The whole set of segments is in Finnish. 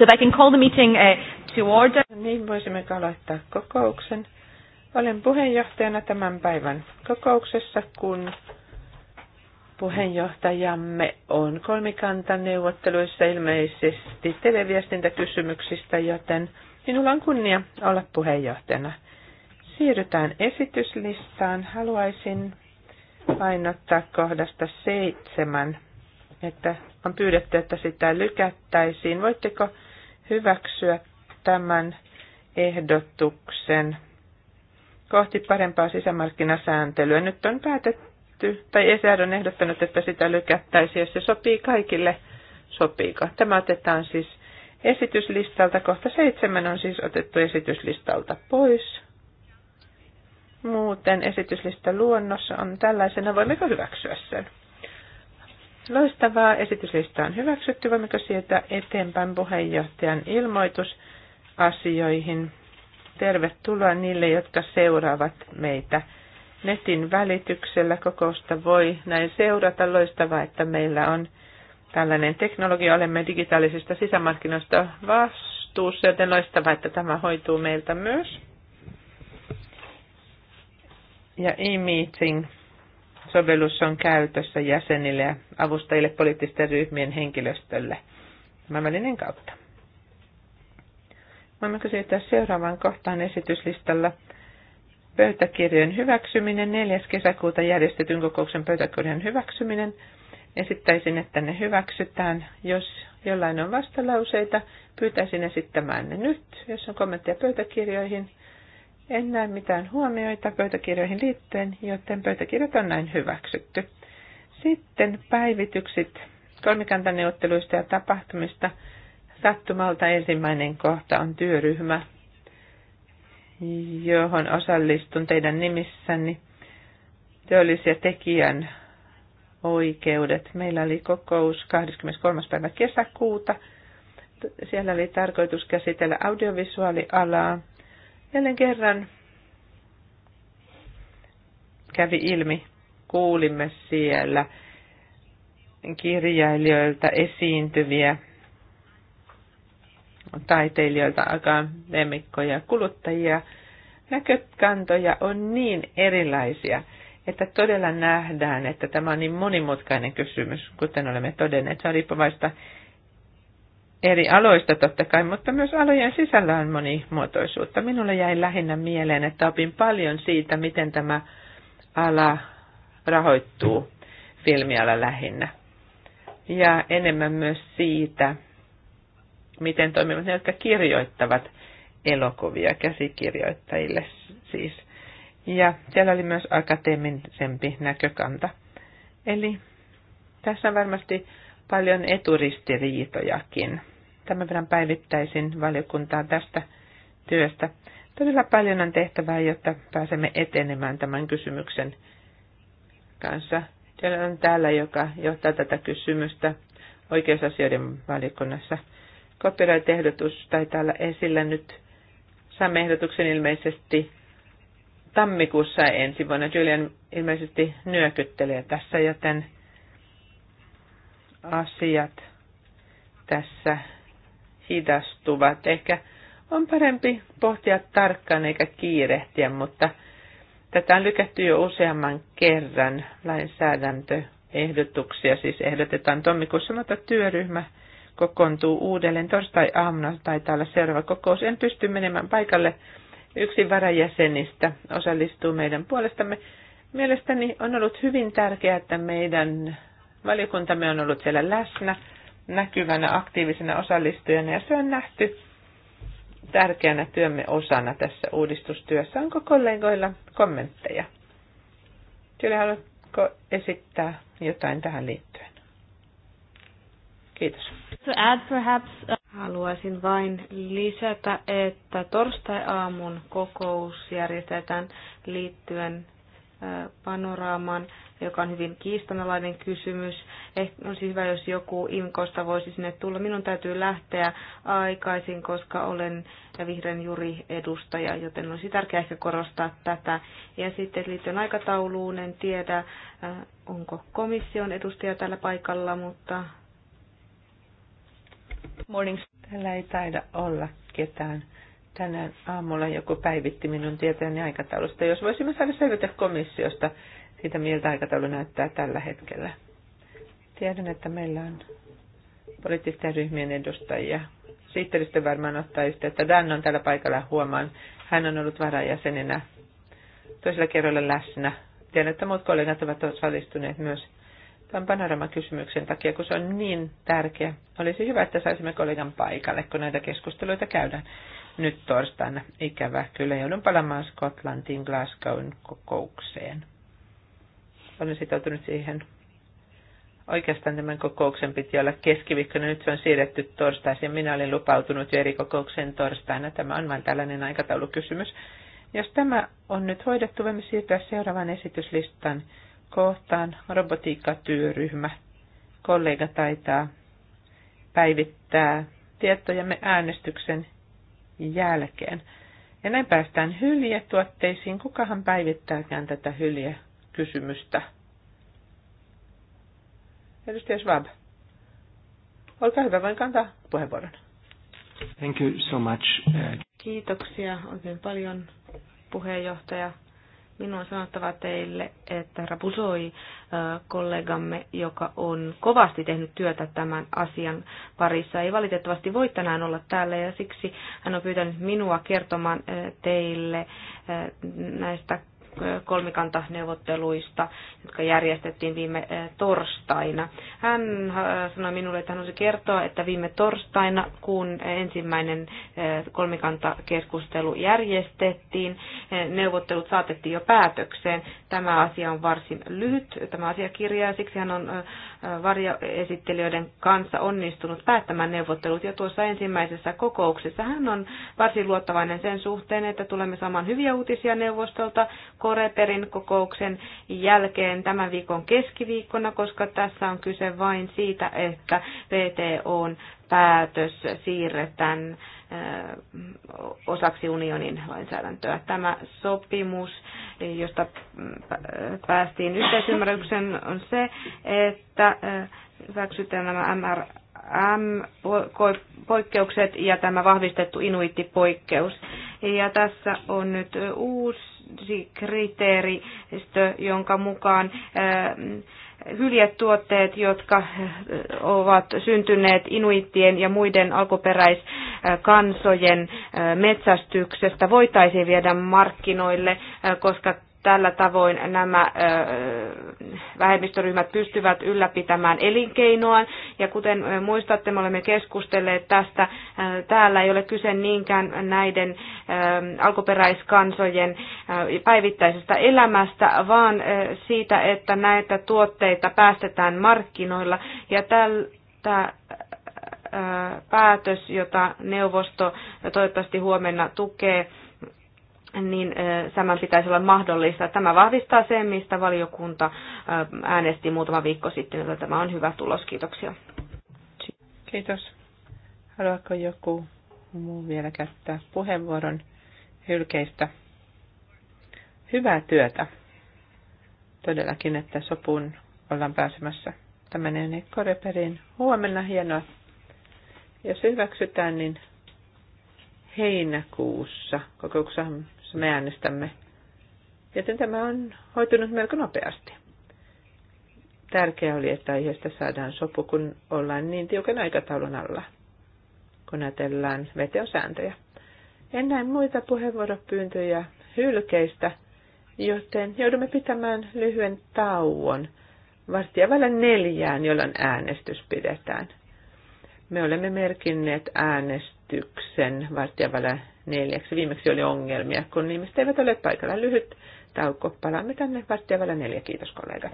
So if I can call the meeting uh, to order. Niin voisimme aloittaa kokouksen. Olen puheenjohtajana tämän päivän kokouksessa, kun puheenjohtajamme on kolmikantaneuvotteluissa ilmeisesti televiestintäkysymyksistä, joten minulla on kunnia olla puheenjohtajana. Siirrytään esityslistaan. Haluaisin painottaa kohdasta seitsemän, että on pyydetty, että sitä lykättäisiin. Voitteko hyväksyä tämän ehdotuksen kohti parempaa sisämarkkinasääntelyä. Nyt on päätetty, tai ESR on ehdottanut, että sitä lykättäisiin, jos se sopii kaikille, sopiiko. Tämä otetaan siis esityslistalta. Kohta seitsemän on siis otettu esityslistalta pois. Muuten esityslista luonnossa on tällaisena. Voimmeko hyväksyä sen? Loistavaa. Esityslista on hyväksytty. Voimmeko sieltä eteenpäin puheenjohtajan ilmoitusasioihin? Tervetuloa niille, jotka seuraavat meitä netin välityksellä. Kokousta voi näin seurata. Loistavaa, että meillä on tällainen teknologia. Olemme digitaalisista sisämarkkinoista vastuussa, joten loistavaa, että tämä hoituu meiltä myös. Ja e-meeting sovellus on käytössä jäsenille ja avustajille poliittisten ryhmien henkilöstölle tämän välinen kautta. Voimme siirtyä seuraavaan kohtaan esityslistalla? Pöytäkirjojen hyväksyminen, 4. kesäkuuta järjestetyn kokouksen pöytäkirjan hyväksyminen. Esittäisin, että ne hyväksytään. Jos jollain on vastalauseita, pyytäisin esittämään ne nyt, jos on kommentteja pöytäkirjoihin. En näe mitään huomioita pöytäkirjoihin liittyen, joten pöytäkirjat on näin hyväksytty. Sitten päivitykset kolmikantaneuvotteluista ja tapahtumista. Sattumalta ensimmäinen kohta on työryhmä, johon osallistun teidän nimissäni. Teollis- ja tekijän oikeudet. Meillä oli kokous 23. päivä kesäkuuta. Siellä oli tarkoitus käsitellä audiovisuaalialaa Jälleen kerran kävi ilmi, kuulimme siellä kirjailijoilta esiintyviä taiteilijoilta, lemmikkoja kuluttajia. Näkökantoja on niin erilaisia, että todella nähdään, että tämä on niin monimutkainen kysymys, kuten olemme todenneet. Se on riippuvaista eri aloista totta kai, mutta myös alojen sisällä on monimuotoisuutta. Minulle jäi lähinnä mieleen, että opin paljon siitä, miten tämä ala rahoittuu filmiala lähinnä. Ja enemmän myös siitä, miten toimivat ne, jotka kirjoittavat elokuvia käsikirjoittajille siis. Ja siellä oli myös akateemisempi näkökanta. Eli tässä on varmasti paljon eturistiriitojakin Tämän verran päivittäisin valiokuntaa tästä työstä. Todella paljon on tehtävää, jotta pääsemme etenemään tämän kysymyksen kanssa. Siellä on täällä, joka johtaa tätä kysymystä oikeusasioiden valiokunnassa. Copyright-ehdotus tai täällä esillä nyt. Saamme ehdotuksen ilmeisesti tammikuussa ensi vuonna. Julian ilmeisesti nyökyttelee tässä, joten asiat tässä hidastuvat. Ehkä on parempi pohtia tarkkaan eikä kiirehtiä, mutta tätä on lykätty jo useamman kerran lainsäädäntöehdotuksia. Siis ehdotetaan tommikuussa, mutta työryhmä kokoontuu uudelleen torstai-aamuna, taitaa olla seuraava kokous. En pysty menemään paikalle. Yksi varajäsenistä osallistuu meidän puolestamme. Mielestäni on ollut hyvin tärkeää, että meidän valiokuntamme on ollut siellä läsnä näkyvänä aktiivisena osallistujana ja se on nähty tärkeänä työmme osana tässä uudistustyössä. Onko kollegoilla kommentteja? Kyllä haluatko esittää jotain tähän liittyen? Kiitos. To add perhaps, uh, Haluaisin vain lisätä, että torstai-aamun kokous järjestetään liittyen uh, panoraamaan joka on hyvin kiistanalainen kysymys. Ehkä siis hyvä, jos joku Imkosta voisi sinne tulla. Minun täytyy lähteä aikaisin, koska olen vihreän juri edustaja, joten olisi tärkeää ehkä korostaa tätä. Ja sitten liittyen aikatauluun, en tiedä, äh, onko komission edustaja tällä paikalla, mutta... Morning. Täällä ei taida olla ketään tänään aamulla joku päivitti minun tietojeni aikataulusta. Jos voisimme saada selvitä komissiosta, siitä, miltä aikataulu näyttää tällä hetkellä. Tiedän, että meillä on poliittisten ryhmien edustajia. Sihteeristö varmaan ottaa yhteyttä. Dan on täällä paikalla huomaan. Hän on ollut varajäsenenä toisella kerralla läsnä. Tiedän, että muut kollegat ovat osallistuneet myös tämän panorama-kysymyksen takia, kun se on niin tärkeä. Olisi hyvä, että saisimme kollegan paikalle, kun näitä keskusteluita käydään nyt torstaina. Ikävä kyllä joudun palaamaan Skotlantiin Glasgown kokoukseen. Olen sitoutunut siihen. Oikeastaan tämän kokouksen piti olla keskiviikkona, nyt se on siirretty torstaisin. Minä olin lupautunut jo eri kokoukseen torstaina. Tämä on vain tällainen aikataulukysymys. Jos tämä on nyt hoidettu, voimme siirtyä seuraavan esityslistan kohtaan. Robotiikkatyöryhmä. Kollega taitaa päivittää tietojamme äänestyksen jälkeen. Ja näin päästään hyljetuotteisiin. Kukahan päivittääkään tätä hyljetuotteisiin? kysymystä. Edustaja Schwab, olkaa hyvä, voin kantaa puheenvuoron. Thank you so much. Kiitoksia oikein paljon puheenjohtaja. Minun on sanottava teille, että Rapusoi kollegamme, joka on kovasti tehnyt työtä tämän asian parissa, ei valitettavasti voi tänään olla täällä ja siksi hän on pyytänyt minua kertomaan teille näistä kolmikantaneuvotteluista, jotka järjestettiin viime eh, torstaina. Hän eh, sanoi minulle, että hän olisi kertoa, että viime torstaina, kun ensimmäinen eh, kolmikantakeskustelu järjestettiin, neuvottelut saatettiin jo päätökseen. Tämä asia on varsin lyhyt, tämä asiakirja, ja siksi hän on varjoesittelijöiden kanssa onnistunut päättämään neuvottelut jo tuossa ensimmäisessä kokouksessa. Hän on varsin luottavainen sen suhteen, että tulemme saamaan hyviä uutisia neuvostolta Koreperin kokouksen jälkeen tämän viikon keskiviikkona, koska tässä on kyse vain siitä, että VTOn päätös siirretään osaksi unionin lainsäädäntöä. Tämä sopimus, josta päästiin yhteisymmärryksen, on se, että hyväksytään nämä mrm poikkeukset ja tämä vahvistettu inuittipoikkeus. Ja tässä on nyt uusi kriteeristö, jonka mukaan hyljetuotteet, jotka ovat syntyneet inuittien ja muiden alkuperäiskansojen metsästyksestä, voitaisiin viedä markkinoille, koska tällä tavoin nämä vähemmistöryhmät pystyvät ylläpitämään elinkeinoaan. Ja kuten muistatte, me olemme keskustelleet tästä. Täällä ei ole kyse niinkään näiden alkuperäiskansojen päivittäisestä elämästä, vaan siitä, että näitä tuotteita päästetään markkinoilla. Ja tältä päätös, jota neuvosto toivottavasti huomenna tukee, niin tämän pitäisi olla mahdollista. Tämä vahvistaa sen, mistä valiokunta äänesti muutama viikko sitten, että tämä on hyvä tulos. Kiitoksia. Kiitos. Haluaako joku muu vielä käyttää puheenvuoron hylkeistä? Hyvää työtä. Todellakin, että sopuun ollaan pääsemässä. Tämä menee Koreperiin huomenna. Hienoa. Jos hyväksytään, niin heinäkuussa kokouksessa jos me äänestämme. Joten tämä on hoitunut melko nopeasti. Tärkeää oli, että aiheesta saadaan sopu, kun ollaan niin tiukan aikataulun alla, kun ajatellaan veteosääntöjä. En näe muita puheenvuoropyyntöjä hylkeistä, joten joudumme pitämään lyhyen tauon varttia välillä neljään, jolloin äänestys pidetään. Me olemme merkinneet äänestyksen varttia välillä neljäksi. Viimeksi oli ongelmia, kun ihmiset eivät ole paikalla. Lyhyt tauko. Palaamme tänne varttia neljä. Kiitos kollegat.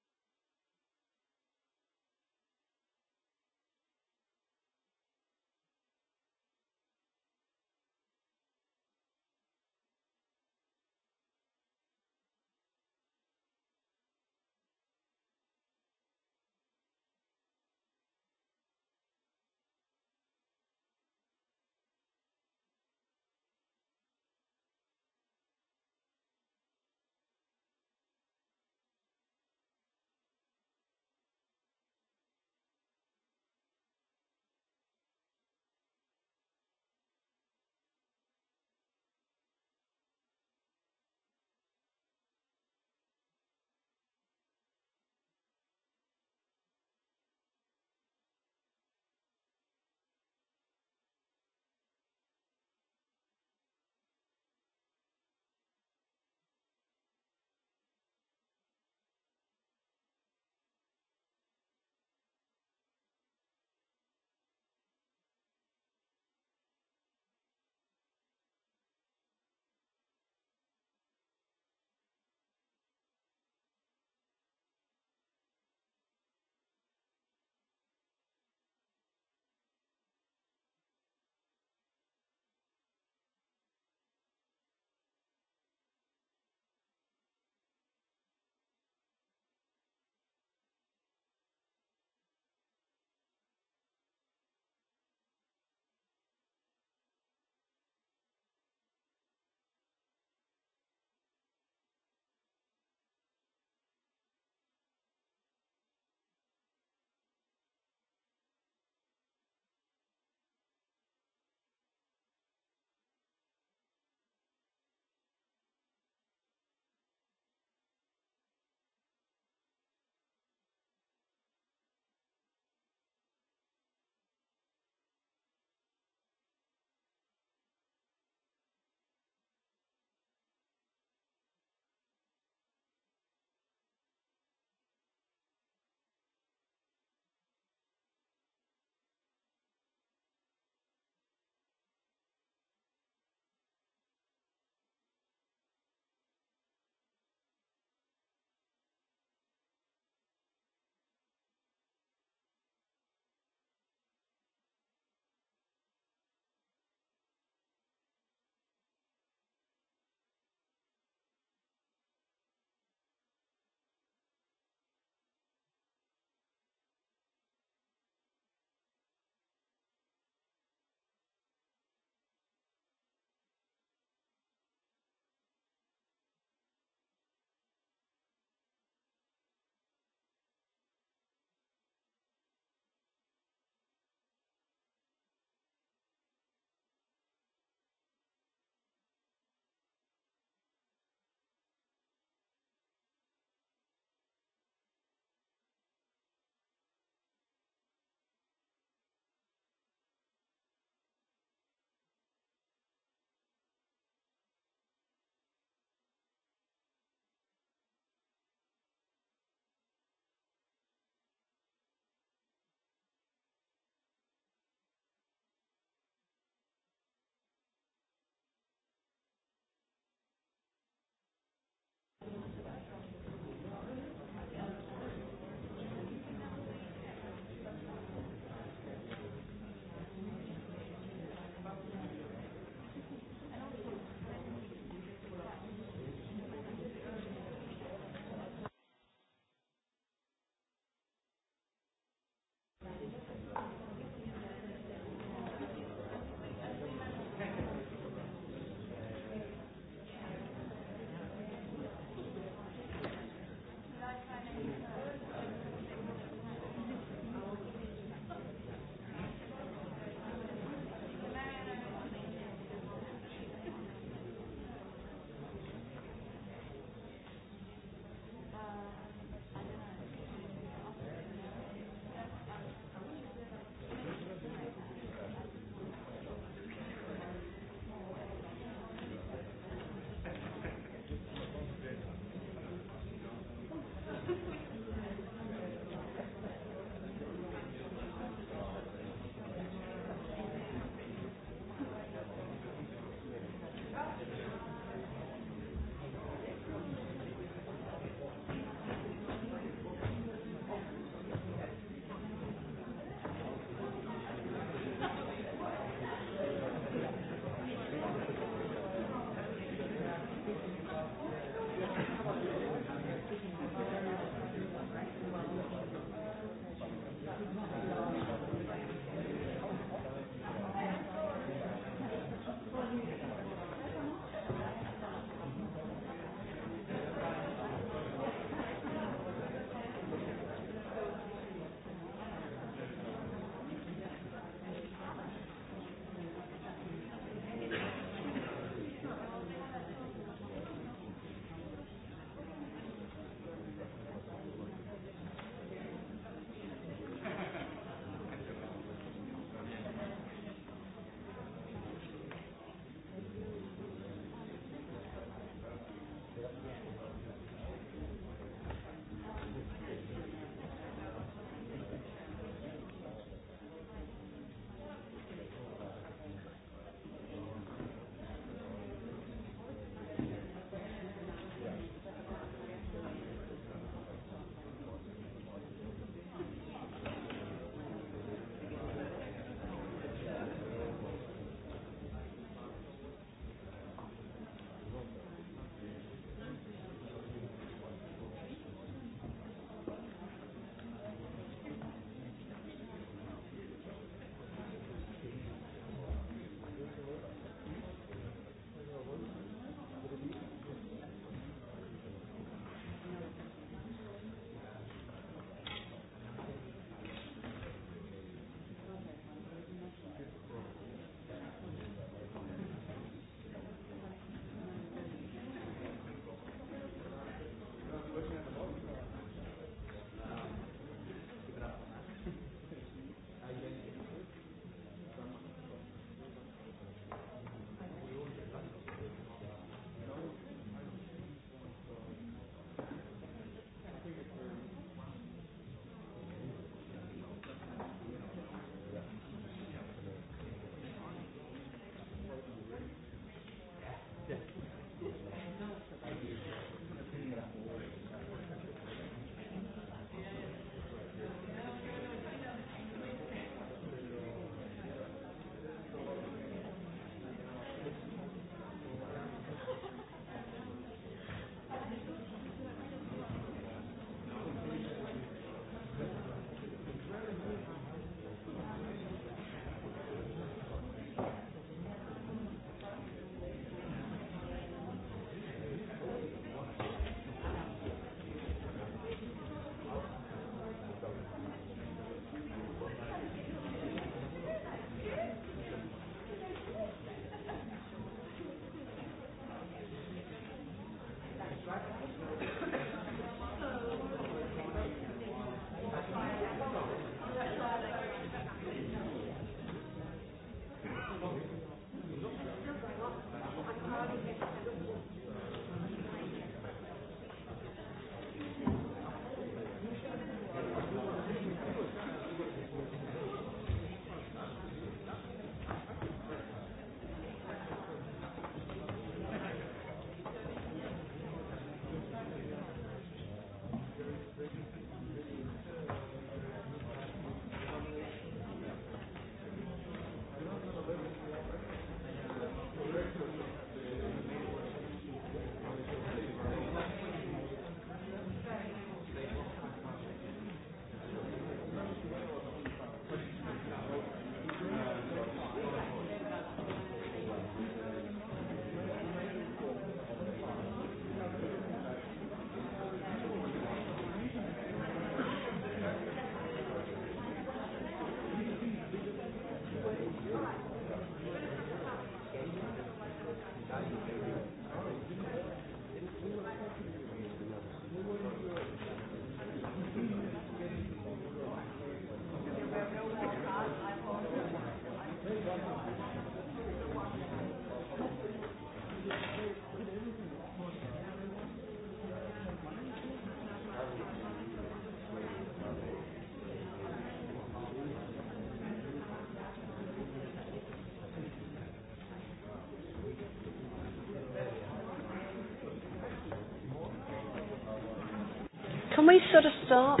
Can we sort of start?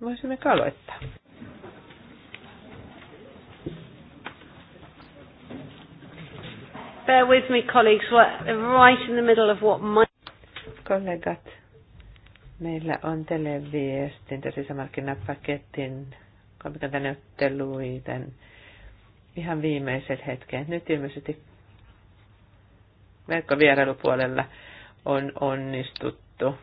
Voisimmeko aloittaa? Bear with me, colleagues. We're right in the middle of what might... Kollegat, meillä on televiestintä sisämarkkinapaketin kolmikantaneuvotteluiden ihan viimeiset hetket. Nyt ilmeisesti verkkovierailupuolella on onnistuttu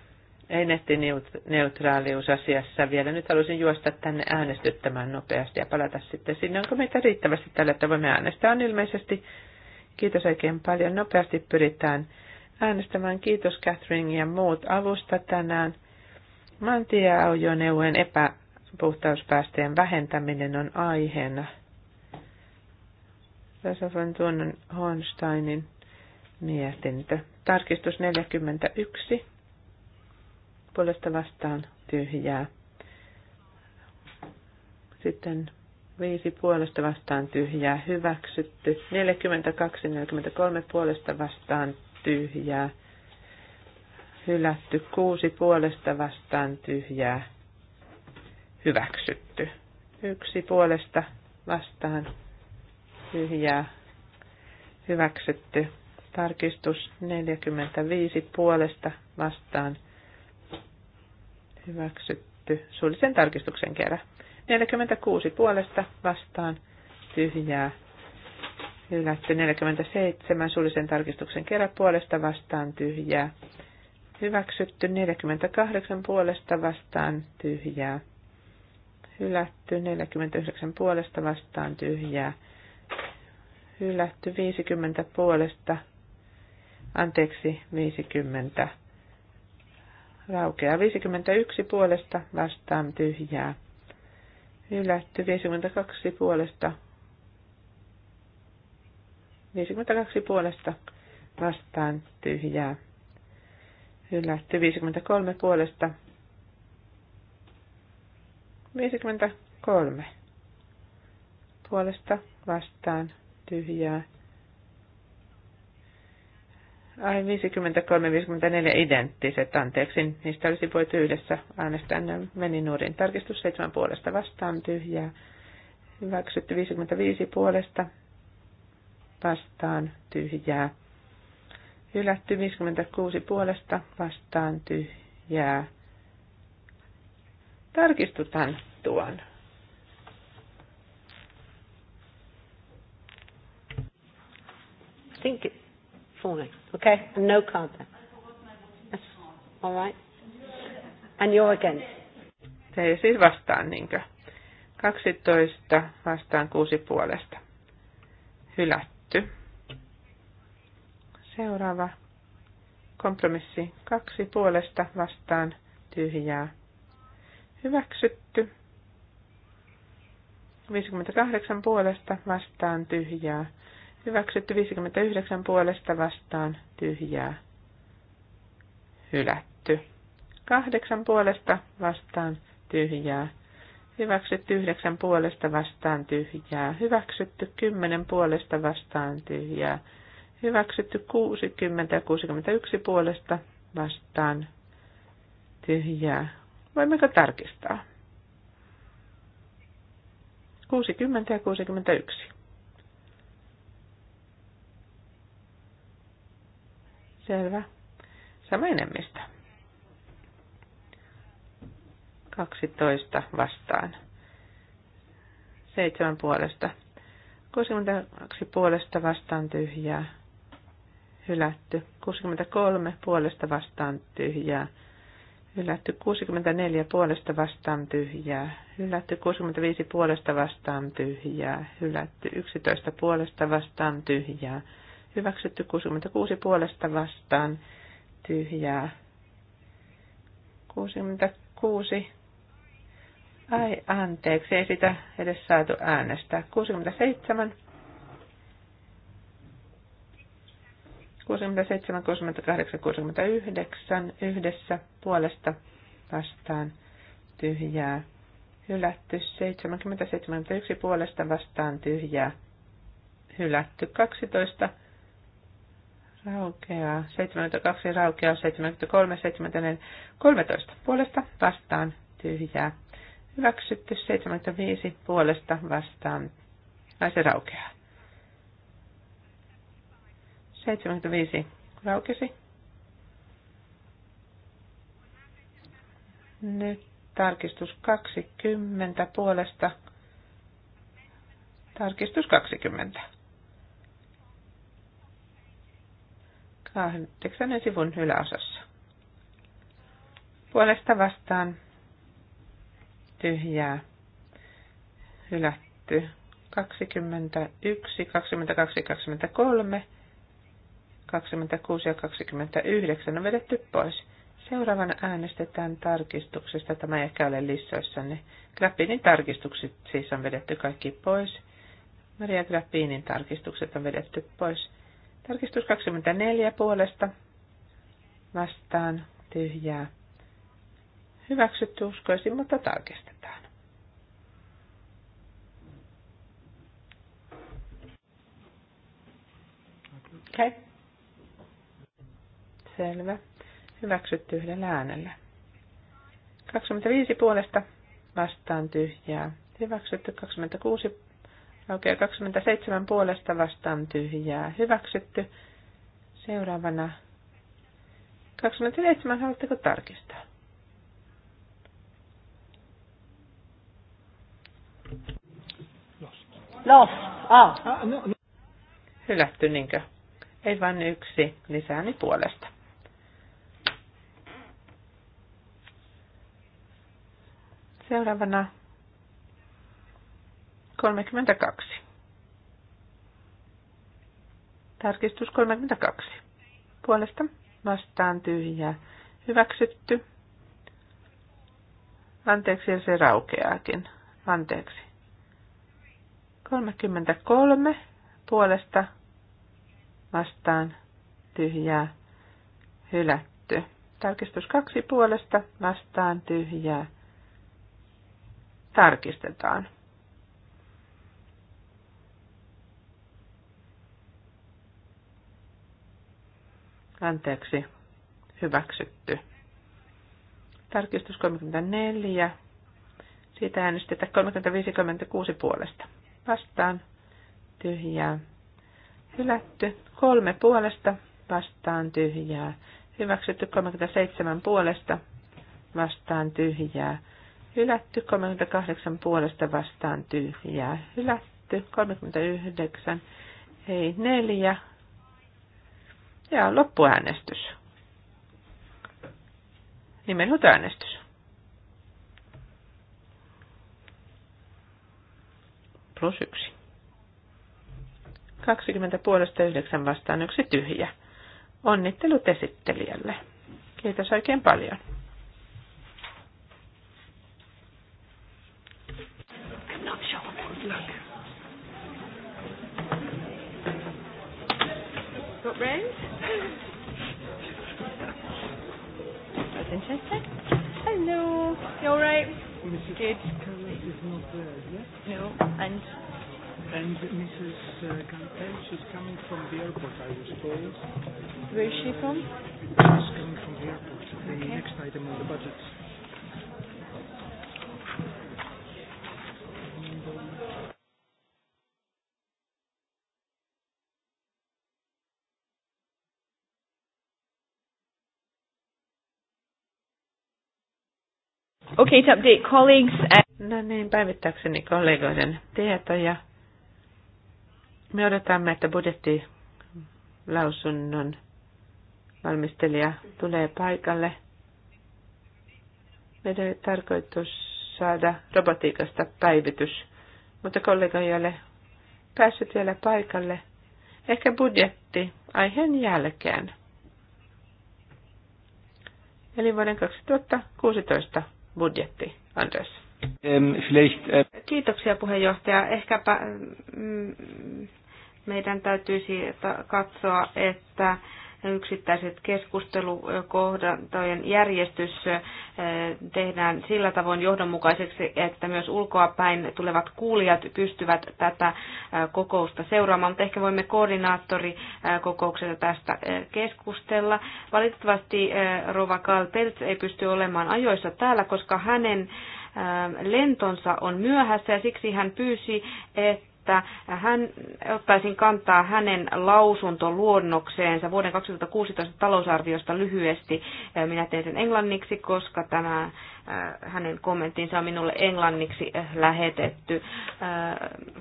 ei asiassa vielä. Nyt halusin juosta tänne äänestyttämään nopeasti ja palata sitten sinne. Onko meitä riittävästi tällä, että voimme äänestää? On ilmeisesti. Kiitos oikein paljon. Nopeasti pyritään äänestämään. Kiitos Catherine ja muut avusta tänään. Mantia-ajoneuvojen epäpuhtauspäästöjen vähentäminen on aiheena. Tässä on tuonnon Hornsteinin mietintö. Tarkistus 41 puolesta vastaan tyhjää. Sitten viisi puolesta vastaan tyhjää hyväksytty. 42, 43 puolesta vastaan tyhjää hylätty. Kuusi puolesta vastaan tyhjää hyväksytty. Yksi puolesta vastaan tyhjää hyväksytty. Tarkistus 45 puolesta vastaan tyhjää Hyväksytty. Suullisen tarkistuksen kerran. 46 puolesta vastaan. Tyhjää. Hylätty 47 suullisen tarkistuksen kerran puolesta vastaan tyhjää. Hyväksytty 48 puolesta vastaan tyhjää. Hylätty 49 puolesta vastaan tyhjää. Hylätty 50 puolesta. Anteeksi 50 raukeaa. 51 puolesta vastaan tyhjää. Hylätty 52 puolesta. 52 puolesta vastaan tyhjää. Hylätty 53 puolesta. 53 puolesta vastaan tyhjää. Ai 53-54 identtiset, anteeksi, niistä olisi voitu yhdessä äänestää, ne meni nuorin Tarkistus 7 puolesta vastaan tyhjää, hyväksytty 55 puolesta vastaan tyhjää, hylätty 56 puolesta vastaan tyhjää. Tarkistutaan tuon. Thank think it's falling. Okay? No counter. all right. And you're against. Te siis vastaan, niinkö? 12 vastaan 6 puolesta. Hylätty. Seuraava kompromissi. Kaksi puolesta vastaan tyhjää. Hyväksytty. 58 puolesta vastaan tyhjää. Hyväksytty 59 puolesta vastaan tyhjää. Hylätty. Kahdeksan puolesta vastaan tyhjää. Hyväksytty yhdeksän puolesta vastaan tyhjää. Hyväksytty kymmenen puolesta vastaan tyhjää. Hyväksytty 60 ja 61 puolesta vastaan tyhjää. Voimmeko tarkistaa? 60 ja 61. Selvä. Sama enemmistö. 12 vastaan. 7 puolesta. 62 puolesta vastaan tyhjää. Hylätty. 63 puolesta vastaan tyhjää. Hylätty 64 puolesta vastaan tyhjää. Hylätty 65 puolesta vastaan tyhjää. Hylätty 11 puolesta vastaan tyhjää Hyväksytty 66 puolesta vastaan tyhjää. 66. Ai anteeksi, ei sitä edes saatu äänestää. 67. 67, 68, 69 yhdessä puolesta vastaan tyhjää. Hylätty 70, 71 puolesta vastaan tyhjää. Hylätty 12 raukeaa 72, raukeaa 73, 74, 13 puolesta vastaan tyhjää. Hyväksytty 75 puolesta vastaan. Ai se raukeaa. 75 raukesi. Nyt tarkistus 20 puolesta. Tarkistus 20 kahdeksannen sivun yläosassa. Puolesta vastaan tyhjää hylätty 21, 22, 23, 26 ja 29 on vedetty pois. Seuraavana äänestetään tarkistuksesta. Tämä ei ehkä ole lissoissanne. Grappinin tarkistukset siis on vedetty kaikki pois. Maria Grappinin tarkistukset on vedetty pois. Tarkistus 24 puolesta vastaan tyhjää. Hyväksytty uskoisin, mutta tarkistetaan. Okei. Okay. Selvä. Hyväksytty yhdellä äänellä. 25 puolesta vastaan tyhjää. Hyväksytty 26 Okei, 27 puolesta vastaan tyhjää. Hyväksytty. Seuraavana 27 haluatteko tarkistaa? Lost. Ah. ah no, no. Hylätty, niinkö? Ei vain yksi lisääni niin puolesta. Seuraavana 32. Tarkistus 32. Puolesta vastaan tyhjää. Hyväksytty. Anteeksi, ja se raukeaakin. Anteeksi. 33 puolesta vastaan tyhjää hylätty. Tarkistus kaksi puolesta vastaan tyhjää tarkistetaan. anteeksi, hyväksytty. Tarkistus 34. Siitä äänestetään 35-36 puolesta. Vastaan. Tyhjää. Hylätty. Kolme puolesta. Vastaan tyhjää. Hyväksytty 37 puolesta. Vastaan tyhjää. Hylätty 38 puolesta vastaan tyhjää. Hylätty 39. ei neljä ja loppuäänestys. äänestys. Plus yksi. 20 puolesta 9 vastaan yksi tyhjä. Onnittelut esittelijälle. Kiitos oikein paljon. Got That's interesting. Hello. You all right? Mrs. Good. Carlos is not there yet. No. And. And Mrs. Uh, Gantel, she's coming from the airport, I was told. Where is she from? She's coming from the airport. The okay. next item on the budget. Okay, to update colleagues. No niin, päivittääkseni kollegoiden tietoja. Me odotamme, että budjettilausunnon valmistelija tulee paikalle. Meidän oli tarkoitus saada robotiikasta päivitys, mutta kollega ei ole päässyt vielä paikalle. Ehkä budjetti aiheen jälkeen. Eli vuoden 2016 budjetti, Andres? Eh, Kiitoksia puheenjohtaja. Ehkäpä mm, meidän täytyisi katsoa, että yksittäiset keskustelukohdantojen järjestys tehdään sillä tavoin johdonmukaiseksi, että myös ulkoapäin tulevat kuulijat pystyvät tätä kokousta seuraamaan, mutta ehkä voimme koordinaattorikokouksessa tästä keskustella. Valitettavasti Rova Karl Peltz ei pysty olemaan ajoissa täällä, koska hänen lentonsa on myöhässä ja siksi hän pyysi, että että hän, ottaisin kantaa hänen lausuntoluonnokseensa vuoden 2016 talousarviosta lyhyesti. Minä teen sen englanniksi, koska tämä hänen kommenttinsa on minulle englanniksi lähetetty.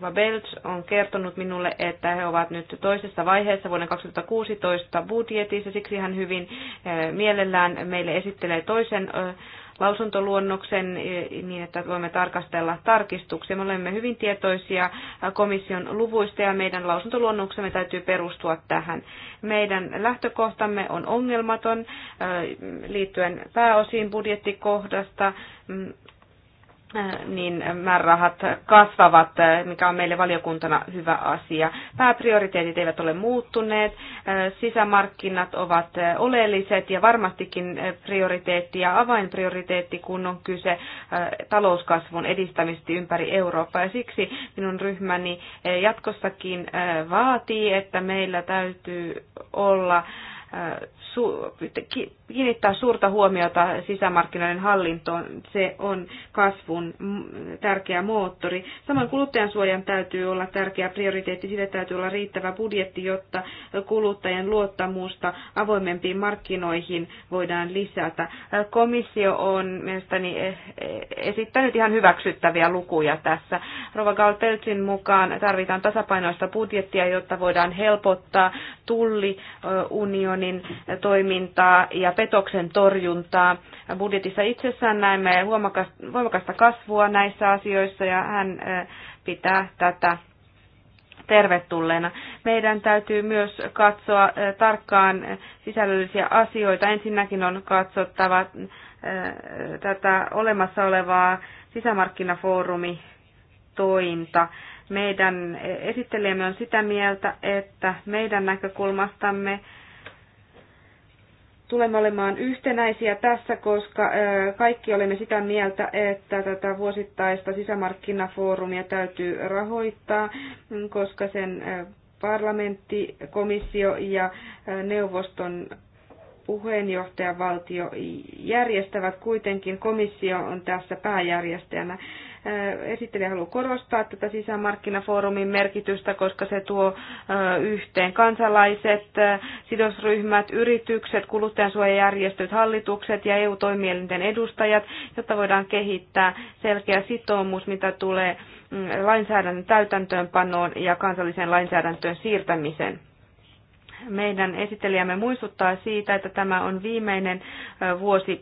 Vabelts on kertonut minulle, että he ovat nyt toisessa vaiheessa vuoden 2016 budjetissa, siksi hän hyvin mielellään meille esittelee toisen lausuntoluonnoksen e, niin, että voimme tarkastella tarkistuksia. Me olemme hyvin tietoisia komission luvuista ja meidän lausuntoluonnoksemme täytyy perustua tähän. Meidän lähtökohtamme on ongelmaton e, liittyen pääosiin budjettikohdasta mm, niin määrärahat kasvavat, mikä on meille valiokuntana hyvä asia. Pääprioriteetit eivät ole muuttuneet, sisämarkkinat ovat oleelliset ja varmastikin prioriteetti ja avainprioriteetti, kun on kyse talouskasvun edistämistä ympäri Eurooppaa. Ja siksi minun ryhmäni jatkossakin vaatii, että meillä täytyy olla kiinnittää suurta huomiota sisämarkkinoiden hallintoon. Se on kasvun tärkeä moottori. Samoin kuluttajansuojan täytyy olla tärkeä prioriteetti. Sille täytyy olla riittävä budjetti, jotta kuluttajien luottamusta avoimempiin markkinoihin voidaan lisätä. Komissio on mielestäni e, e, esittänyt ihan hyväksyttäviä lukuja tässä. Rova Galpeltsin mukaan tarvitaan tasapainoista budjettia, jotta voidaan helpottaa tulliunion unionin toimintaa ja petoksen torjuntaa. Budjetissa itsessään näemme voimakasta kasvua näissä asioissa ja hän äh, pitää tätä tervetulleena. Meidän täytyy myös katsoa äh, tarkkaan sisällöllisiä asioita. Ensinnäkin on katsottava äh, tätä olemassa olevaa sisämarkkinafoorumi tointa. Meidän esittelijämme on sitä mieltä, että meidän näkökulmastamme tulemme olemaan yhtenäisiä tässä, koska kaikki olemme sitä mieltä, että tätä vuosittaista sisämarkkinafoorumia täytyy rahoittaa, koska sen parlamentti, komissio ja neuvoston puheenjohtajavaltio järjestävät kuitenkin, komissio on tässä pääjärjestäjänä. Äh, esittelijä haluaa korostaa tätä sisämarkkinafoorumin merkitystä, koska se tuo äh, yhteen kansalaiset, äh, sidosryhmät, yritykset, kuluttajansuojajärjestöt, hallitukset ja EU-toimielinten edustajat, jotta voidaan kehittää selkeä sitoumus, mitä tulee mm, lainsäädännön täytäntöönpanoon ja kansalliseen lainsäädäntöön siirtämiseen meidän esittelijämme muistuttaa siitä, että tämä on viimeinen vuosi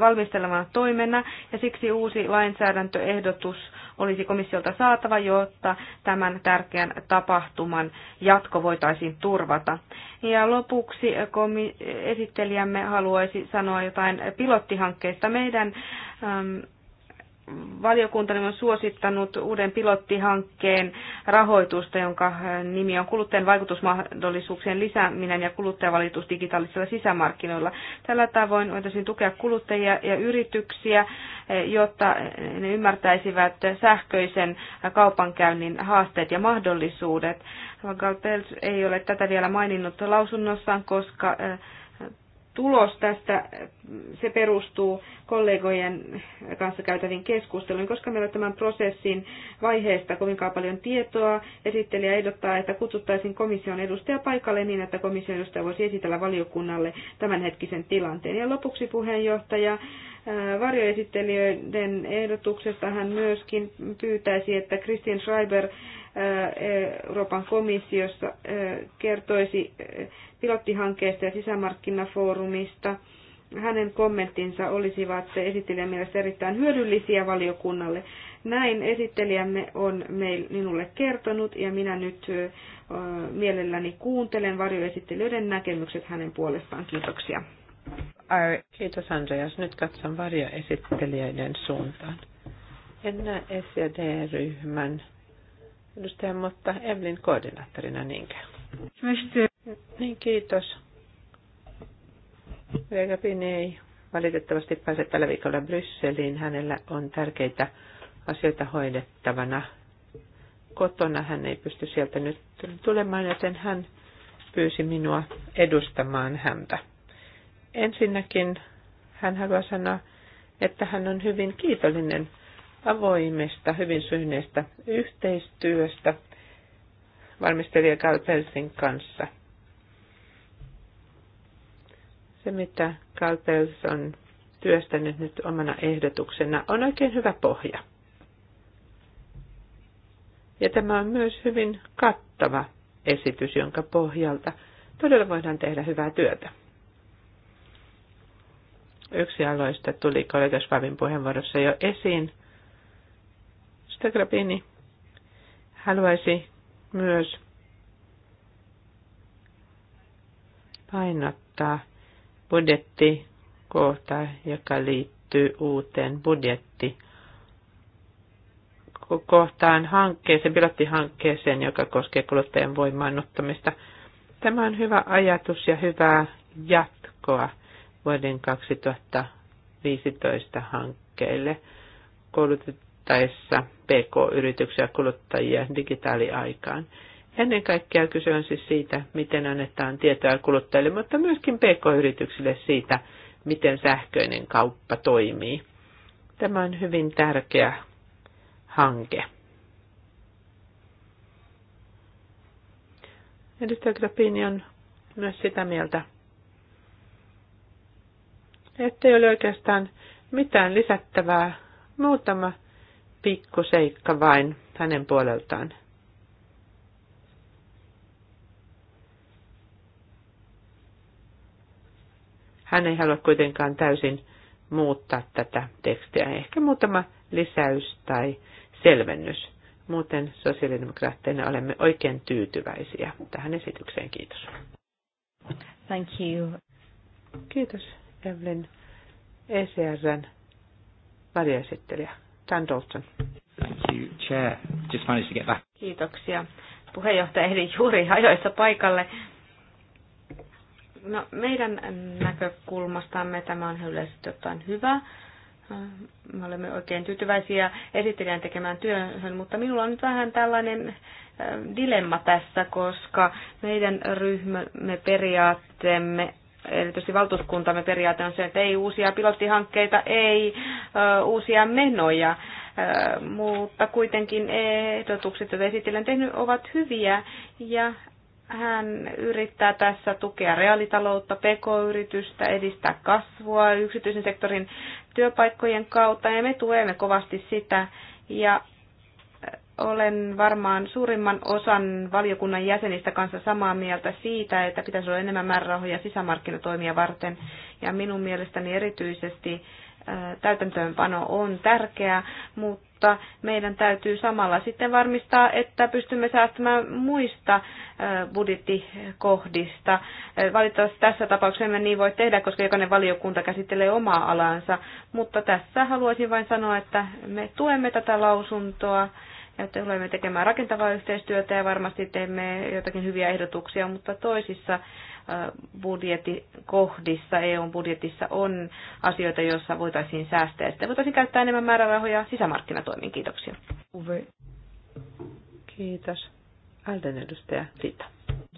valmistelema toimena ja siksi uusi lainsäädäntöehdotus olisi komissiolta saatava, jotta tämän tärkeän tapahtuman jatko voitaisiin turvata. Ja lopuksi esittelijämme haluaisi sanoa jotain pilottihankkeista. Meidän Valiokunta on suosittanut uuden pilottihankkeen rahoitusta, jonka nimi on kuluttajan vaikutusmahdollisuuksien lisääminen ja kuluttajavalitus digitaalisilla sisämarkkinoilla. Tällä tavoin voitaisiin tukea kuluttajia ja yrityksiä, jotta ne ymmärtäisivät sähköisen kaupankäynnin haasteet ja mahdollisuudet. Galpels ei ole tätä vielä maininnut lausunnossaan, koska tulos tästä, se perustuu kollegojen kanssa käytäviin keskusteluihin, koska meillä on tämän prosessin vaiheesta kovinkaan paljon tietoa. Esittelijä ehdottaa, että kutsuttaisiin komission edustaja paikalle niin, että komission edustaja voisi esitellä valiokunnalle tämänhetkisen tilanteen. Ja lopuksi puheenjohtaja äh, varjoesittelijöiden ehdotuksesta hän myöskin pyytäisi, että Christian Schreiber Euroopan komissiossa kertoisi pilottihankkeesta ja sisämarkkinafoorumista. Hänen kommenttinsa olisivat esittelijän mielestä erittäin hyödyllisiä valiokunnalle. Näin esittelijämme on meil, minulle kertonut ja minä nyt mielelläni kuuntelen varjoesittelijöiden näkemykset hänen puolestaan. Kiitoksia. Kiitos Andreas. Nyt katson varjoesittelijöiden suuntaan. Ennä sd ryhmän edustaja, Motta, Evelyn koordinaattorina niinkään. Niin, kiitos. Vega ei valitettavasti pääse tällä viikolla Brysseliin. Hänellä on tärkeitä asioita hoidettavana kotona. Hän ei pysty sieltä nyt tulemaan, joten hän pyysi minua edustamaan häntä. Ensinnäkin hän haluaa sanoa, että hän on hyvin kiitollinen avoimesta, hyvin syhneestä yhteistyöstä valmistelija Carl Pelsin kanssa. Se, mitä Carl Pels on työstänyt nyt omana ehdotuksena, on oikein hyvä pohja. Ja tämä on myös hyvin kattava esitys, jonka pohjalta todella voidaan tehdä hyvää työtä. Yksi aloista tuli kollega Schwabin puheenvuorossa jo esiin – sitä Grabini haluaisi myös painottaa budjettikohta, joka liittyy uuteen budjetti kohtaan hankkeeseen, pilottihankkeeseen, joka koskee kuluttajan voimaannuttamista. Tämä on hyvä ajatus ja hyvää jatkoa vuoden 2015 hankkeille Koulutettu autettaessa PK-yrityksiä kuluttajia digitaaliaikaan. Ennen kaikkea kyse on siis siitä, miten annetaan tietoa kuluttajille, mutta myöskin PK-yrityksille siitä, miten sähköinen kauppa toimii. Tämä on hyvin tärkeä hanke. Edustaja Grappini on myös sitä mieltä, ettei ole oikeastaan mitään lisättävää. Muutama pikku seikka vain hänen puoleltaan. Hän ei halua kuitenkaan täysin muuttaa tätä tekstiä. Ehkä muutama lisäys tai selvennys. Muuten sosiaalidemokraatteina olemme oikein tyytyväisiä tähän esitykseen. Kiitos. Thank you. Kiitos Evelyn ECRn varjoesittelijä. Dan Dalton. Thank you, Chair. Just managed to get back. Kiitoksia. Puheenjohtaja ehdi juuri ajoissa paikalle. No, meidän näkökulmastamme tämä on yleisesti ottaen hyvä. Me olemme oikein tyytyväisiä esittelijän tekemään työhön, mutta minulla on nyt vähän tällainen äh, dilemma tässä, koska meidän ryhmämme periaatteemme erityisesti valtuuskuntamme periaate on se, että ei uusia pilottihankkeita, ei ö, uusia menoja, ö, mutta kuitenkin ehdotukset, joita esitellen tehnyt, ovat hyviä ja hän yrittää tässä tukea reaalitaloutta, pk-yritystä, edistää kasvua yksityisen sektorin työpaikkojen kautta ja me tuemme kovasti sitä ja olen varmaan suurimman osan valiokunnan jäsenistä kanssa samaa mieltä siitä, että pitäisi olla enemmän määrärahoja sisämarkkinatoimia varten. Ja minun mielestäni erityisesti täytäntöönpano on tärkeä, mutta meidän täytyy samalla sitten varmistaa, että pystymme säästämään muista budjettikohdista. Valitettavasti tässä tapauksessa emme niin voi tehdä, koska jokainen valiokunta käsittelee omaa alansa, mutta tässä haluaisin vain sanoa, että me tuemme tätä lausuntoa että tulemme tekemään rakentavaa yhteistyötä ja varmasti teemme jotakin hyviä ehdotuksia, mutta toisissa budjettikohdissa, EUn budjetissa on asioita, joissa voitaisiin säästää. Sitten voitaisiin käyttää enemmän määrärahoja sisämarkkinatoimiin. Kiitoksia. Uwe. Kiitos. Älten edustaja Rita.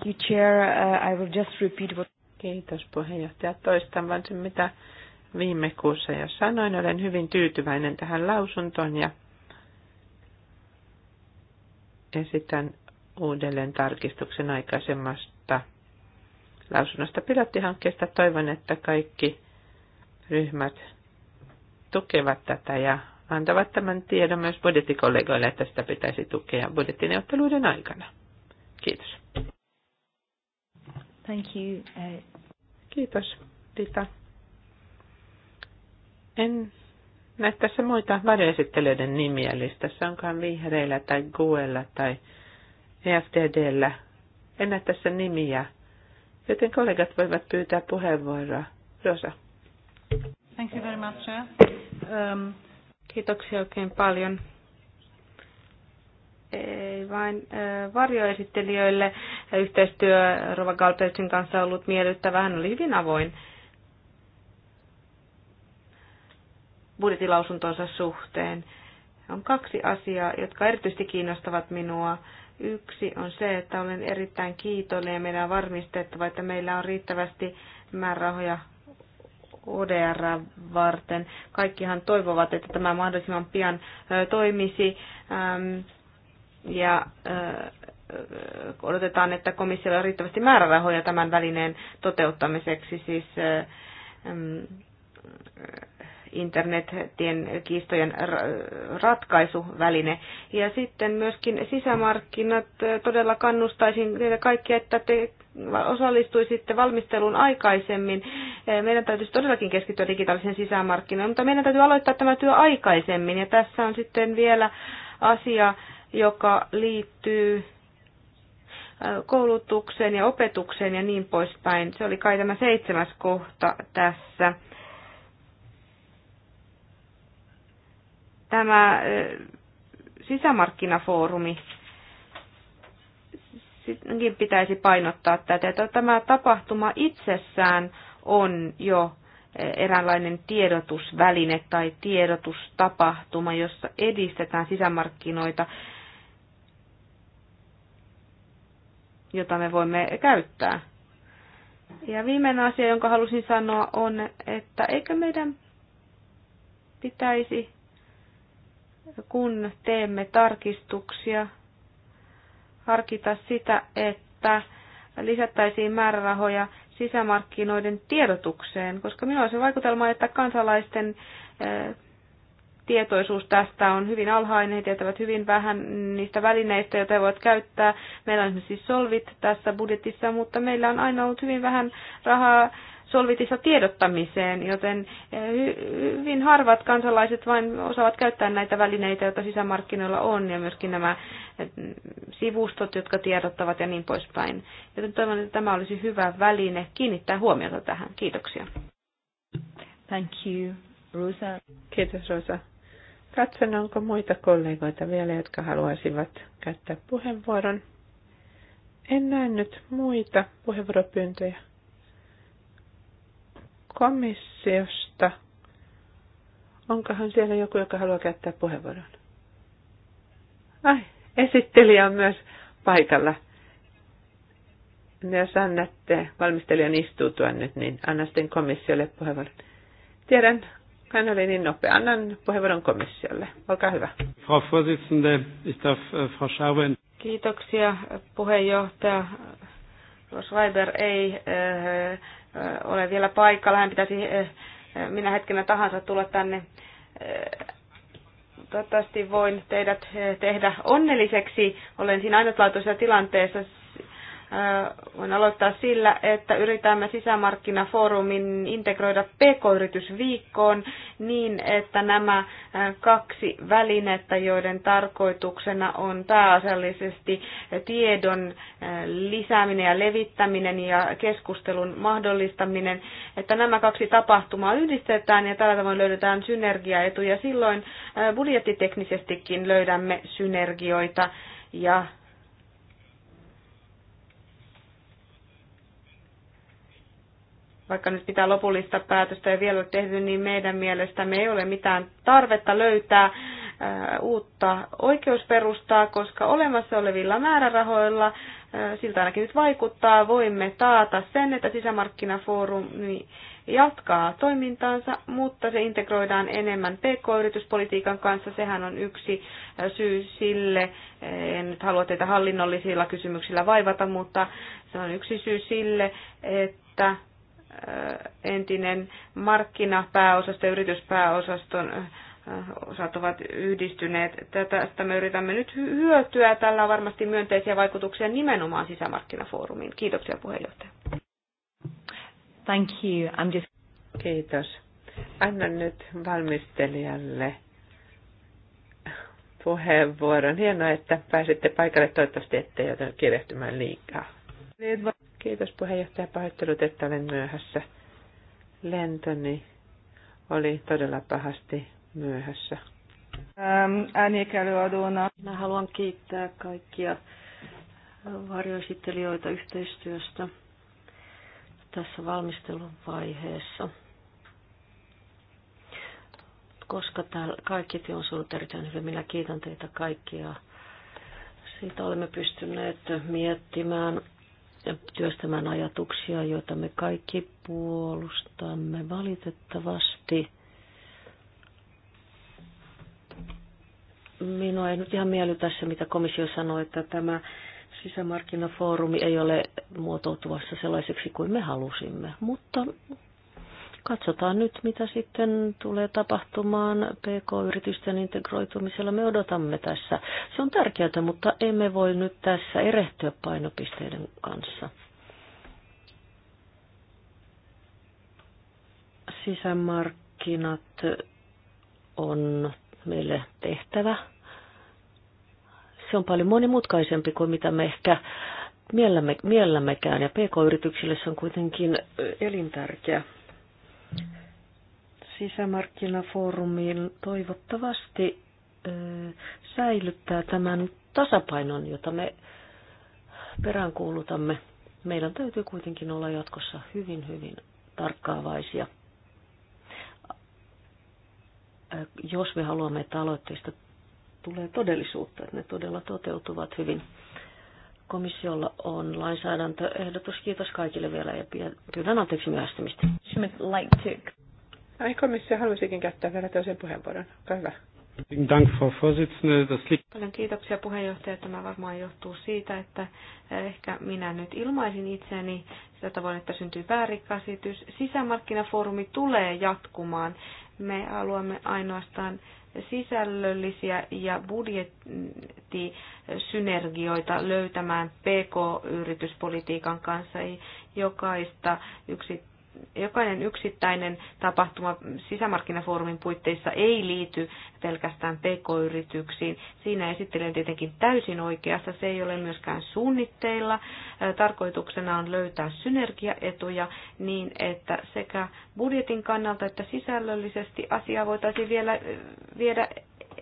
You chair, uh, I will just repeat what... Kiitos puheenjohtaja. Toistan vain sen, mitä viime kuussa jo sanoin. Olen hyvin tyytyväinen tähän lausuntoon ja esitän uudelleen tarkistuksen aikaisemmasta lausunnosta pilottihankkeesta. Toivon, että kaikki ryhmät tukevat tätä ja antavat tämän tiedon myös budjettikollegoille, että sitä pitäisi tukea budjettineuvotteluiden aikana. Kiitos. Thank you. Uh, Kiitos, Rita. En näe tässä muita varjoesittelijöiden nimiä listassa. Onkohan vihreillä tai GUElla tai EFTDllä. En näe tässä nimiä, joten kollegat voivat pyytää puheenvuoroa. Rosa. Thank you very much. Um, kiitoksia oikein paljon. Ei vain äh, varjoesittelijöille. Yhteistyö Rova Galpelsin kanssa on ollut miellyttävä. Hän oli hyvin avoin äh, budjetilausuntonsa suhteen. On kaksi asiaa, jotka erityisesti kiinnostavat minua. Yksi on se, että olen erittäin kiitollinen ja meidän on varmistettava, että meillä on riittävästi määrärahoja ODR varten. Kaikkihan toivovat, että tämä mahdollisimman pian toimisi ja odotetaan, että komissiolla on riittävästi määrärahoja tämän välineen toteuttamiseksi. Siis internetien kiistojen ratkaisuväline. Ja sitten myöskin sisämarkkinat todella kannustaisin teitä kaikkia, että te osallistuisitte valmisteluun aikaisemmin. Meidän täytyisi todellakin keskittyä digitaaliseen sisämarkkinoihin, mutta meidän täytyy aloittaa tämä työ aikaisemmin. Ja tässä on sitten vielä asia, joka liittyy koulutukseen ja opetukseen ja niin poispäin. Se oli kai tämä seitsemäs kohta tässä. tämä eh, sisämarkkinafoorumi sitkin pitäisi painottaa tätä, että tämä tapahtuma itsessään on jo eh, eräänlainen tiedotusväline tai tiedotustapahtuma, jossa edistetään sisämarkkinoita, jota me voimme käyttää. Ja viimeinen asia, jonka halusin sanoa, on, että eikö meidän pitäisi kun teemme tarkistuksia, harkita sitä, että lisättäisiin määrärahoja sisämarkkinoiden tiedotukseen, koska minulla on se vaikutelma, että kansalaisten eh, tietoisuus tästä on hyvin alhainen, he tietävät hyvin vähän niistä välineistä, joita he voivat käyttää. Meillä on esimerkiksi solvit tässä budjetissa, mutta meillä on aina ollut hyvin vähän rahaa solvitissa tiedottamiseen, joten eh, hyvin harvat kansalaiset vain osaavat käyttää näitä välineitä, joita sisämarkkinoilla on, ja myöskin nämä eh, sivustot, jotka tiedottavat ja niin poispäin. Joten toivon, että tämä olisi hyvä väline kiinnittää huomiota tähän. Kiitoksia. Thank you, Rosa. Kiitos, Rosa. Katson, onko muita kollegoita vielä, jotka haluaisivat käyttää puheenvuoron. En näe nyt muita puheenvuoropyyntöjä komissiosta. Onkohan siellä joku, joka haluaa käyttää puheenvuoron? Ai, esittelijä on myös paikalla. Jos annatte valmistelijan istuutua nyt, niin anna sitten komissiolle puheenvuoron. Tiedän, hän oli niin nopea. Annan puheenvuoron komissiolle. Olkaa hyvä. Frau Vorsitzende, äh, Frau Kiitoksia puheenjohtaja. Schreiber ei äh, ole vielä paikalla. Hän pitäisi minä hetkenä tahansa tulla tänne. Toivottavasti voin teidät tehdä onnelliseksi. Olen siinä ainutlaatuisessa tilanteessa voin aloittaa sillä, että yritämme sisämarkkinafoorumin integroida pk-yritysviikkoon niin, että nämä kaksi välinettä, joiden tarkoituksena on pääasiallisesti tiedon lisääminen ja levittäminen ja keskustelun mahdollistaminen, että nämä kaksi tapahtumaa yhdistetään ja tällä tavoin löydetään synergiaetuja. Silloin budjettiteknisestikin löydämme synergioita ja vaikka nyt pitää lopullista päätöstä ei vielä ole tehty, niin meidän me ei ole mitään tarvetta löytää uutta oikeusperustaa, koska olemassa olevilla määrärahoilla, siltä ainakin nyt vaikuttaa, voimme taata sen, että sisämarkkinafoorumi jatkaa toimintaansa, mutta se integroidaan enemmän PK-yrityspolitiikan kanssa. Sehän on yksi syy sille, en nyt halua teitä hallinnollisilla kysymyksillä vaivata, mutta se on yksi syy sille, että entinen markkinapääosasto ja yrityspääosaston osat ovat yhdistyneet. Tästä me yritämme nyt hyötyä. Tällä on varmasti myönteisiä vaikutuksia nimenomaan sisämarkkinafoorumiin. Kiitoksia puheenjohtaja. Thank you. I'm just... Kiitos. Annan nyt valmistelijalle puheenvuoron. Hienoa, että pääsitte paikalle. Toivottavasti ettei joutunut kirjehtymään liikaa. Kiitos puheenjohtaja. Pahoittelut, että olen myöhässä. Lentoni oli todella pahasti myöhässä. Ähm, Äänikälyadona. Mä haluan kiittää kaikkia varjoesittelijöitä yhteistyöstä tässä valmistelun vaiheessa. Koska täällä kaikki on sujunut erittäin hyvin, minä kiitän teitä kaikkia. Siitä olemme pystyneet miettimään työstämään ajatuksia, joita me kaikki puolustamme valitettavasti. Minua ei nyt ihan mieli tässä mitä komissio sanoi, että tämä sisämarkkinafoorumi ei ole muotoutuvassa sellaiseksi kuin me halusimme, mutta Katsotaan nyt, mitä sitten tulee tapahtumaan PK-yritysten integroitumisella. Me odotamme tässä. Se on tärkeää, mutta emme voi nyt tässä erehtyä painopisteiden kanssa. Sisämarkkinat on meille tehtävä. Se on paljon monimutkaisempi kuin mitä me ehkä miellämme, miellämmekään, ja pk-yrityksille se on kuitenkin elintärkeä sisämarkkinafoorumiin toivottavasti säilyttää tämän tasapainon, jota me peräänkuulutamme. Meidän täytyy kuitenkin olla jatkossa hyvin, hyvin tarkkaavaisia. Jos me haluamme, että aloitteista tulee todellisuutta, että ne todella toteutuvat hyvin. Komissiolla on lainsäädäntöehdotus. Kiitos kaikille vielä ja pyydän anteeksi myöhästymistä. Ai komissio haluaisikin käyttää vielä toisen puheenvuoron. Olkaa hyvä. Paljon kiitoksia puheenjohtaja. Tämä varmaan johtuu siitä, että eh, ehkä minä nyt ilmaisin itseäni sillä tavoin, että syntyy väärinkäsitys. Sisämarkkinafoorumi tulee jatkumaan. Me haluamme ainoastaan sisällöllisiä ja budjettisynergioita löytämään PK-yrityspolitiikan kanssa. Jokaista yksi jokainen yksittäinen tapahtuma sisämarkkinafoorumin puitteissa ei liity pelkästään pk-yrityksiin. Siinä esittelen tietenkin täysin oikeassa. Se ei ole myöskään suunnitteilla. Tarkoituksena on löytää synergiaetuja niin, että sekä budjetin kannalta että sisällöllisesti asiaa voitaisiin vielä viedä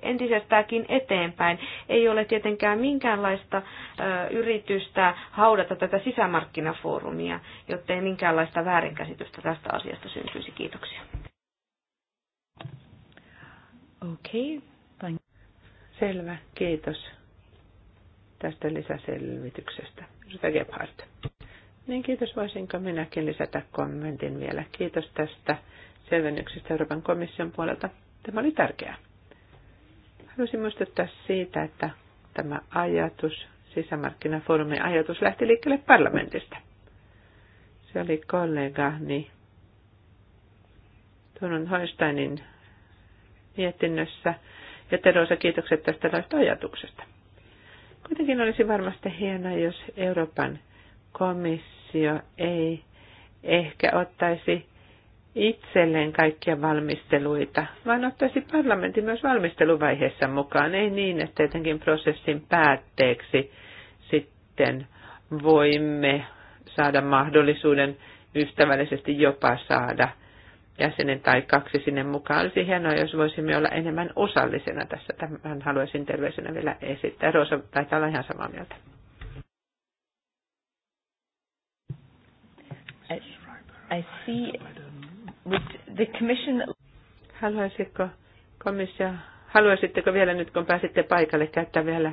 entisestäänkin eteenpäin. Ei ole tietenkään minkäänlaista ö, yritystä haudata tätä sisämarkkinafoorumia, ei minkäänlaista väärinkäsitystä tästä asiasta syntyisi. Kiitoksia. Okei, okay. selvä. Kiitos tästä lisäselvityksestä. Rita Gebhardt. Niin kiitos, voisinko minäkin lisätä kommentin vielä. Kiitos tästä selvennyksestä Euroopan komission puolelta. Tämä oli tärkeää. Haluaisin muistuttaa siitä, että tämä ajatus, sisämarkkinafoorumin ajatus lähti liikkeelle parlamentista. Se oli kollegani Turun Holsteinin mietinnössä. Ja Terosa, kiitokset tästä tällaista ajatuksesta. Kuitenkin olisi varmasti hienoa, jos Euroopan komissio ei ehkä ottaisi itselleen kaikkia valmisteluita, vaan ottaisi parlamentin myös valmisteluvaiheessa mukaan. Ei niin, että jotenkin prosessin päätteeksi sitten voimme saada mahdollisuuden ystävällisesti jopa saada jäsenen tai kaksi sinne mukaan. Olisi hienoa, jos voisimme olla enemmän osallisena tässä. Tämän haluaisin terveisenä vielä esittää. Roosa taitaa olla ihan samaa mieltä. I, I see Would the commission... Haluaisitko komissio, haluaisitteko vielä nyt kun pääsitte paikalle käyttää vielä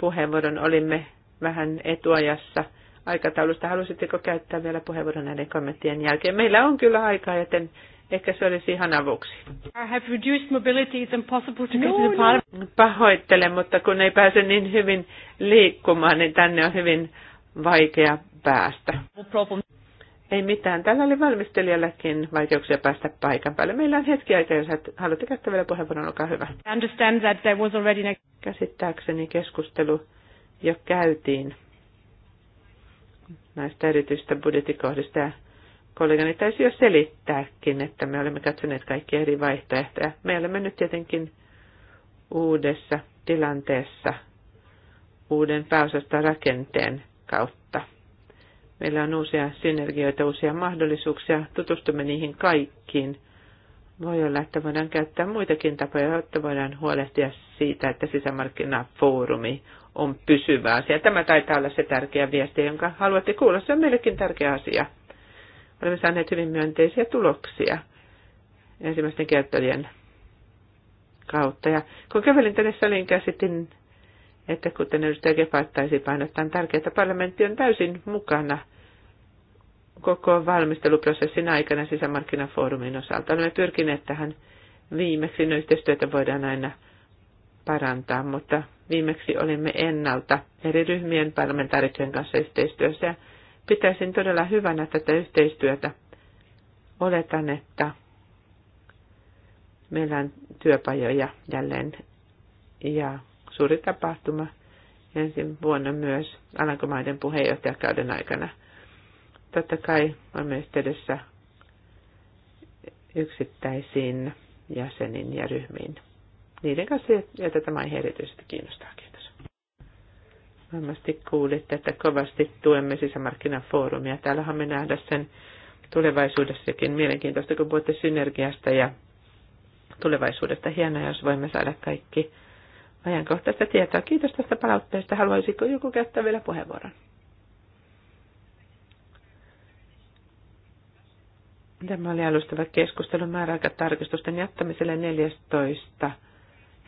puheenvuoron? Olimme vähän etuajassa aikataulusta. Haluaisitteko käyttää vielä puheenvuoron näiden kommenttien jälkeen? Meillä on kyllä aikaa, joten ehkä se olisi ihan avuksi. Have reduced mobility, impossible to get to no, the no. Pahoittelen, mutta kun ei pääse niin hyvin liikkumaan, niin tänne on hyvin vaikea päästä. No ei mitään. Täällä oli valmistelijallekin vaikeuksia päästä paikan päälle. Meillä on hetki aikaa, jos haluatte käyttää vielä puheenvuoron, olkaa hyvä. Understand that there was already... Käsittääkseni keskustelu jo käytiin näistä erityistä budjettikohdista ja kollegani taisi jo selittääkin, että me olemme katsoneet kaikki eri vaihtoehtoja. Me olemme nyt tietenkin uudessa tilanteessa uuden pääosasta rakenteen kautta. Meillä on uusia synergioita, uusia mahdollisuuksia. Tutustumme niihin kaikkiin. Voi olla, että voidaan käyttää muitakin tapoja, jotta voidaan huolehtia siitä, että sisämarkkinafoorumi on pysyvä asia. Tämä taitaa olla se tärkeä viesti, jonka haluatte kuulla. Se on meillekin tärkeä asia. Olemme saaneet hyvin myönteisiä tuloksia ensimmäisten käyttäjien kautta. Ja kun kävelin tänne saliin, käsitin että kuten edustaja Gepard taisi painottaa, on tärkeää, että parlamentti on täysin mukana koko valmisteluprosessin aikana sisämarkkinafoorumin osalta. Olemme pyrkineet tähän viimeksi, no yhteistyötä voidaan aina parantaa, mutta viimeksi olimme ennalta eri ryhmien parlamentaarikkojen kanssa yhteistyössä ja pitäisin todella hyvänä tätä yhteistyötä. Oletan, että meillä on työpajoja jälleen ja suuri tapahtuma ensi vuonna myös Alankomaiden puheenjohtajakauden aikana. Totta kai myös yhteydessä yksittäisiin jäsenin ja ryhmiin. Niiden kanssa, joita tämä aihe erityisesti kiinnostaa. Kiitos. Varmasti kuulitte, että kovasti tuemme sisämarkkinafoorumia. Täällähän me nähdä sen tulevaisuudessakin mielenkiintoista, kun puhutte synergiasta ja tulevaisuudesta. Hienoa, jos voimme saada kaikki ajankohtaista tietoa. Kiitos tästä palautteesta. Haluaisiko joku käyttää vielä puheenvuoron? Tämä oli alustava keskustelu määräaikatarkistusten jättämiselle 14.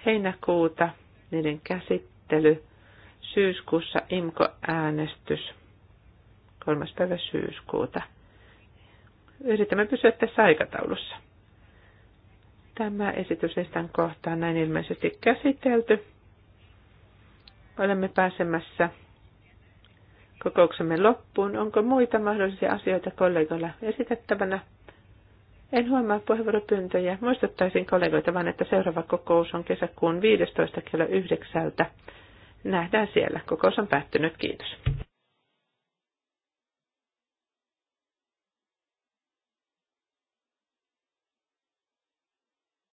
heinäkuuta, niiden käsittely, syyskuussa IMKO-äänestys, kolmas päivä syyskuuta. Yritämme pysyä tässä aikataulussa. Tämä esitys kohta kohtaan näin ilmeisesti käsitelty. Olemme pääsemässä kokouksemme loppuun. Onko muita mahdollisia asioita kollegoilla esitettävänä? En huomaa puheenvuoropyyntöjä. Muistuttaisin kollegoita vain, että seuraava kokous on kesäkuun 15. kello 9. Nähdään siellä. Kokous on päättynyt. Kiitos.